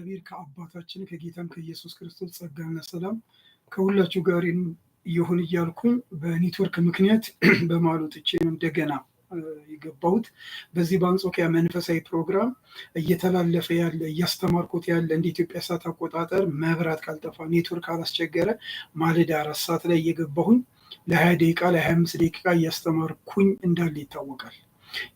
ከእግዚአብሔር ከአባታችን ከጌታም ከኢየሱስ ክርስቶስ ጸጋና ሰላም ከሁላችሁ ጋር ይሁን እያልኩኝ በኔትወርክ ምክንያት በማሉ እንደገና የገባሁት። በዚህ በአንጾኪያ መንፈሳዊ ፕሮግራም እየተላለፈ ያለ እያስተማርኩት ያለ እንደ ኢትዮጵያ ሰዓት አቆጣጠር መብራት ካልጠፋ ኔትወርክ አላስቸገረ ማለዳ አራት ሰዓት ላይ እየገባሁኝ ለሀያ ደቂቃ ለሀያ አምስት ደቂቃ እያስተማርኩኝ እንዳለ ይታወቃል።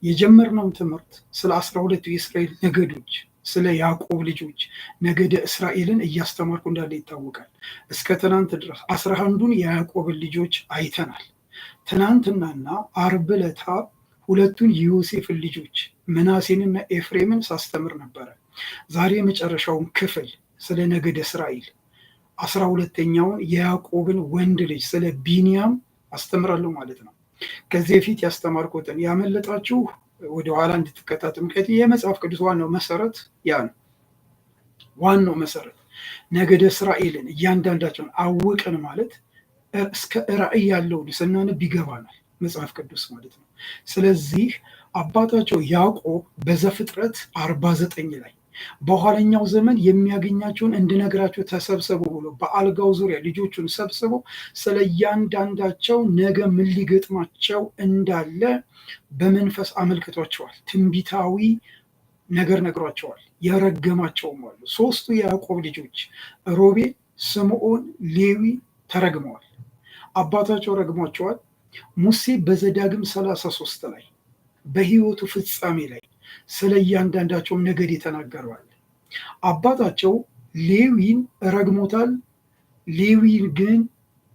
የጀመርነውን ትምህርት ስለ አስራ ሁለቱ የእስራኤል ነገዶች ስለ ያዕቆብ ልጆች ነገደ እስራኤልን እያስተማርኩ እንዳለ ይታወቃል። እስከ ትናንት ድረስ አስራ አንዱን የያዕቆብን ልጆች አይተናል። ትናንትናና አርብ ሁለቱን የዮሴፍን ልጆች ምናሴንና ኤፍሬምን ሳስተምር ነበረ። ዛሬ የመጨረሻውን ክፍል ስለ ነገደ እስራኤል አስራ ሁለተኛውን የያዕቆብን ወንድ ልጅ ስለ ቢንያም አስተምራለሁ ማለት ነው። ከዚህ በፊት ያስተማርኩትን ያመለጣችሁ ወደኋላ እንድትከታተል። ይህ መጽሐፍ ቅዱስ ዋናው መሰረት ያ ነው። ዋናው መሰረት ነገደ እስራኤልን እያንዳንዳቸውን አወቀን ማለት እስከ ራእይ ያለውን ስናነብ ይገባናል መጽሐፍ ቅዱስ ማለት ነው። ስለዚህ አባታቸው ያዕቆብ በዘፍጥረት አርባ ዘጠኝ ላይ በኋለኛው ዘመን የሚያገኛቸውን እንድነግራቸው ተሰብሰቡ ብሎ በአልጋው ዙሪያ ልጆቹን ሰብስቦ ስለ እያንዳንዳቸው ነገ ምን ሊገጥማቸው እንዳለ በመንፈስ አመልክቷቸዋል። ትንቢታዊ ነገር ነግሯቸዋል። የረገማቸውም አሉ። ሶስቱ የያዕቆብ ልጆች ሮቤ ስምዖን፣ ሌዊ ተረግመዋል። አባታቸው ረግሟቸዋል። ሙሴ በዘዳግም 33 ላይ በህይወቱ ፍጻሜ ላይ ስለ እያንዳንዳቸውም ነገድ የተናገረዋል። አባታቸው ሌዊን ረግሞታል። ሌዊን ግን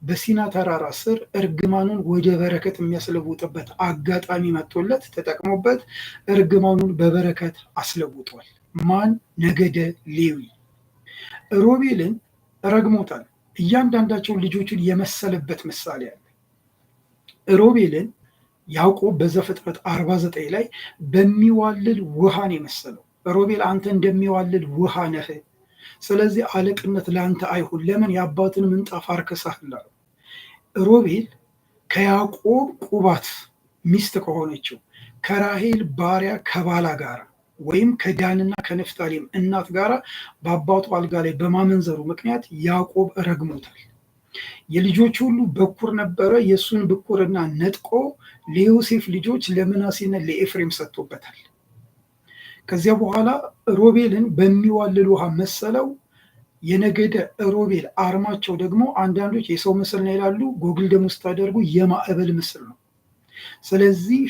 በሲና ተራራ ስር እርግማኑን ወደ በረከት የሚያስለውጥበት አጋጣሚ መጥቶለት ተጠቅሞበት እርግማኑን በበረከት አስለውጧል። ማን? ነገደ ሌዊ። ሮቤልን ረግሞታል። እያንዳንዳቸውን ልጆቹን የመሰለበት ምሳሌ አለ። ሮቤልን ያዕቆብ በዘፍጥረት 49 ላይ በሚዋልል ውሃ የመሰለው። ሮቤል አንተ እንደሚዋልል ውሃ ነህ፣ ስለዚህ አለቅነት ለአንተ አይሁን፣ ለምን የአባትን ምንጣፍ አርከሳህላ። ሮቤል ከያዕቆብ ቁባት ሚስት ከሆነችው ከራሄል ባሪያ ከባላ ጋር ወይም ከዳንና ከነፍታሌም እናት ጋር በአባቱ አልጋ ላይ በማመንዘሩ ምክንያት ያዕቆብ ረግሞታል። የልጆች ሁሉ በኩር ነበረ። የእሱን ብኩርና ነጥቆ ለዮሴፍ ልጆች ለምናሴና ለኤፍሬም ሰጥቶበታል። ከዚያ በኋላ ሮቤልን በሚዋልል ውሃ መሰለው። የነገደ ሮቤል አርማቸው ደግሞ አንዳንዶች የሰው ምስል ነው ይላሉ። ጎግል ደግሞ ስታደርጉ የማዕበል ምስል ነው። ስለዚህ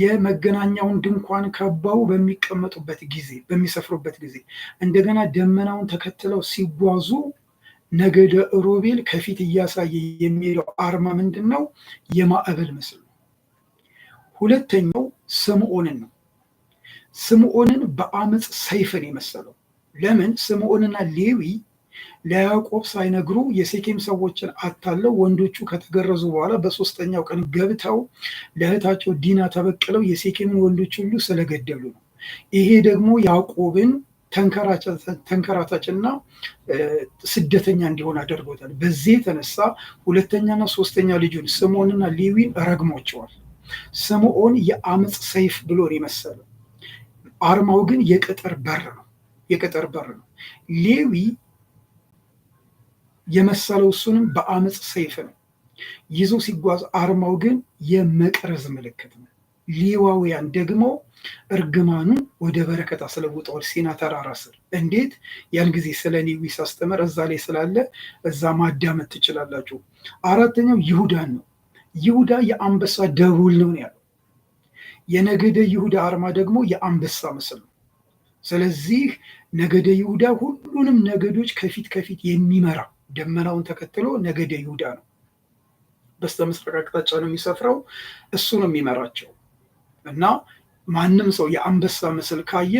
የመገናኛውን ድንኳን ከበው በሚቀመጡበት ጊዜ በሚሰፍሩበት ጊዜ እንደገና ደመናውን ተከትለው ሲጓዙ ነገደ ሮቤል ከፊት እያሳየ የሚሄደው አርማ ምንድን ነው? የማዕበል ምስል ነው። ሁለተኛው ስምዖንን ነው። ስምዖንን በአመፅ ሰይፍን የመሰለው ለምን? ስምዖንና ሌዊ ለያዕቆብ ሳይነግሩ የሴኬም ሰዎችን አታለው ወንዶቹ ከተገረዙ በኋላ በሶስተኛው ቀን ገብተው ለእህታቸው ዲና ተበቅለው የሴኬምን ወንዶች ሁሉ ስለገደሉ ነው። ይሄ ደግሞ ያዕቆብን ተንከራታችና ስደተኛ እንዲሆን አድርጎታል። በዚህ የተነሳ ሁለተኛና ሶስተኛ ልጁን ስምዖንና ሌዊን ረግሟቸዋል። ስምዖን የአመፅ ሰይፍ ብሎ ነው የመሰለው፣ አርማው ግን የቅጥር በር ነው። የቅጥር በር ነው። ሌዊ የመሰለው እሱንም በአመፅ ሰይፍ ነው ይዞ ሲጓዝ፣ አርማው ግን የመቅረዝ ምልክት ነው። ሌዋውያን ደግሞ እርግማኑን ወደ በረከት አስለውጠዋል። ሲና ተራራ ስር እንዴት ያን ጊዜ ስለ ሌዊ ሳስተምር እዛ ላይ ስላለ እዛ ማዳመጥ ትችላላችሁ። አራተኛው ይሁዳን ነው። ይሁዳ የአንበሳ ደቡል ነው ያለው። የነገደ ይሁዳ አርማ ደግሞ የአንበሳ ምስል ነው። ስለዚህ ነገደ ይሁዳ ሁሉንም ነገዶች ከፊት ከፊት የሚመራ ደመናውን ተከትሎ ነገደ ይሁዳ ነው። በስተ ምስራቅ አቅጣጫ ነው የሚሰፍረው። እሱ ነው የሚመራቸው። እና ማንም ሰው የአንበሳ ምስል ካየ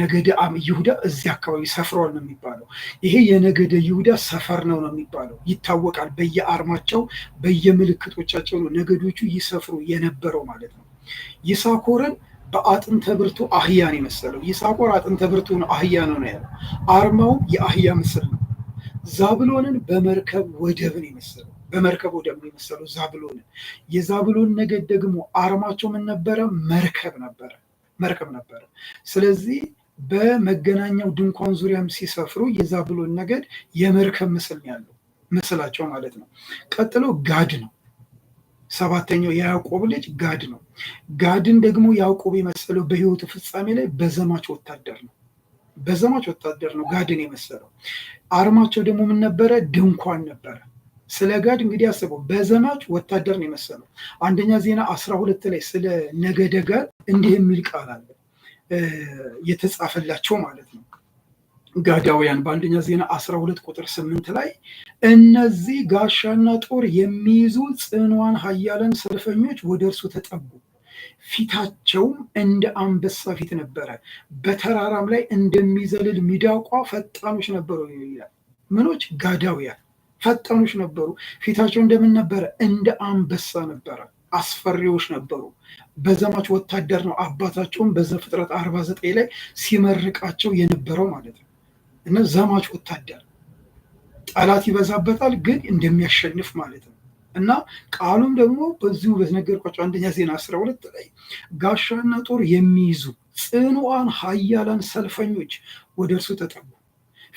ነገደ ይሁዳ እዚህ አካባቢ ሰፍሯል ነው የሚባለው። ይሄ የነገደ ይሁዳ ሰፈር ነው ነው የሚባለው ይታወቃል። በየአርማቸው በየምልክቶቻቸው ነው ነገዶቹ ይሰፍሩ የነበረው ማለት ነው። ይሳኮርን በአጥንተ ብርቱ አህያን የመሰለው ይሳኮር አጥንተ ብርቱ አህያ ነው ነው ያለው። አርማው የአህያ ምስል ነው። ዛብሎንን በመርከብ ወደብን የመሰለው በመርከቡ ደግሞ የመሰሉ ዛብሎንን የዛብሎን ነገድ ደግሞ አርማቸው ምን ነበረ? መርከብ ነበረ መርከብ ነበረ። ስለዚህ በመገናኛው ድንኳን ዙሪያም ሲሰፍሩ የዛብሎን ነገድ የመርከብ ምስል ያለው ምስላቸው ማለት ነው። ቀጥሎ ጋድ ነው። ሰባተኛው የያዕቆብ ልጅ ጋድ ነው። ጋድን ደግሞ ያዕቆብ የመሰለው በህይወቱ ፍጻሜ ላይ በዘማች ወታደር ነው። በዘማች ወታደር ነው ጋድን የመሰለው። አርማቸው ደግሞ ምን ነበረ? ድንኳን ነበረ። ስለ ጋድ እንግዲህ አስበው በዘማች ወታደር ነው የመሰለው። አንደኛ ዜና አስራ ሁለት ላይ ስለ ነገደ ጋድ እንዲህ የሚል ቃል አለ የተጻፈላቸው ማለት ነው። ጋዳውያን በአንደኛ ዜና አስራ ሁለት ቁጥር ስምንት ላይ እነዚህ ጋሻና ጦር የሚይዙ ጽኗን ሀያለን ሰልፈኞች ወደ እርሱ ተጠጉ፣ ፊታቸውም እንደ አንበሳ ፊት ነበረ፣ በተራራም ላይ እንደሚዘልል ሚዳቋ ፈጣኖች ነበሩ ይላል። ምኖች ጋዳውያን ፈጣኖች ነበሩ። ፊታቸው እንደምን ነበረ? እንደ አንበሳ ነበረ። አስፈሪዎች ነበሩ። በዘማች ወታደር ነው አባታቸውን በዘፍጥረት አርባ ዘጠኝ ላይ ሲመርቃቸው የነበረው ማለት ነው። እና ዘማች ወታደር ጠላት ይበዛበታል፣ ግን እንደሚያሸንፍ ማለት ነው። እና ቃሉም ደግሞ በዚሁ በነገርኳቸው አንደኛ ዜና አስራ ሁለት ላይ ጋሻና ጦር የሚይዙ ጽኑዋን ኃያላን ሰልፈኞች ወደ እርሱ ተጠጉ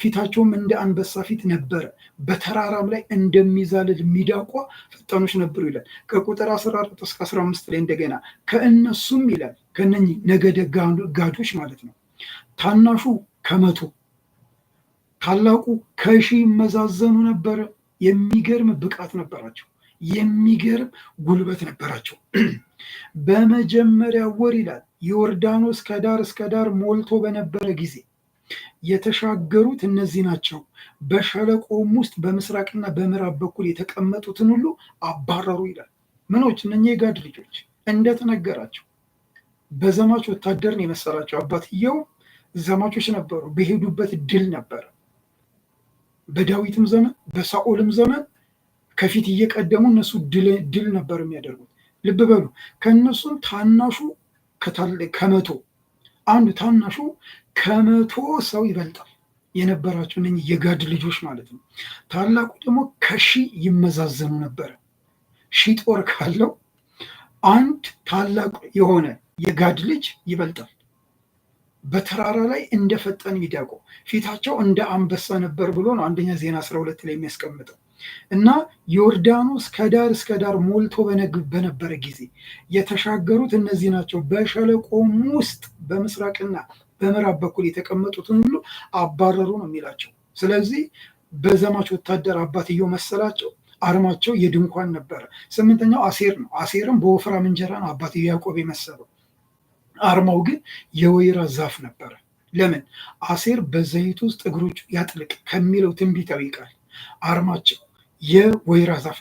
ፊታቸውም እንደ አንበሳ ፊት ነበረ፣ በተራራም ላይ እንደሚዛልል ሚዳቋ ፈጣኖች ነበሩ ይላል። ከቁጥር 14 እስከ 15 ላይ እንደገና ከእነሱም ይላል ከነኚህ ነገደ ጋዶች ማለት ነው ታናሹ ከመቶ ታላቁ ከሺ ይመዛዘኑ ነበረ። የሚገርም ብቃት ነበራቸው። የሚገርም ጉልበት ነበራቸው። በመጀመሪያ ወር ይላል ዮርዳኖስ ከዳር እስከ ዳር ሞልቶ በነበረ ጊዜ የተሻገሩት እነዚህ ናቸው። በሸለቆም ውስጥ በምስራቅና በምዕራብ በኩል የተቀመጡትን ሁሉ አባረሩ ይላል። ምኖች? እነኚህ የጋድ ልጆች እንደተነገራቸው በዘማች ወታደርን የመሰላቸው አባትየው ዘማቾች ነበሩ። በሄዱበት ድል ነበረ። በዳዊትም ዘመን በሳኦልም ዘመን ከፊት እየቀደሙ እነሱ ድል ነበር የሚያደርጉት። ልብ በሉ። ከእነሱም ታናሹ ከመቶ አንዱ ታናሹ ከመቶ ሰው ይበልጣል የነበራቸው ነ የጋድ ልጆች ማለት ነው። ታላቁ ደግሞ ከሺ ይመዛዘኑ ነበረ። ሺ ጦር ካለው አንድ ታላቅ የሆነ የጋድ ልጅ ይበልጣል። በተራራ ላይ እንደ ፈጠን ሚዳቆ ፊታቸው እንደ አንበሳ ነበር ብሎ ነው አንደኛ ዜና 12 ላይ የሚያስቀምጠው። እና ዮርዳኖስ ከዳር እስከ ዳር ሞልቶ በነበረ ጊዜ የተሻገሩት እነዚህ ናቸው። በሸለቆም ውስጥ በምስራቅና በምዕራብ በኩል የተቀመጡትን ሁሉ አባረሩ ነው የሚላቸው። ስለዚህ በዘማች ወታደር አባትየው መሰላቸው። አርማቸው የድንኳን ነበረ። ስምንተኛው አሴር ነው። አሴርም በወፍራም እንጀራ ነው አባትየው ያዕቆብ የመሰለው። አርማው ግን የወይራ ዛፍ ነበረ። ለምን አሴር በዘይት ውስጥ እግሮቹ ያጥልቅ ከሚለው ትንቢታዊ ቃል አርማቸው የወይራ ዛፍ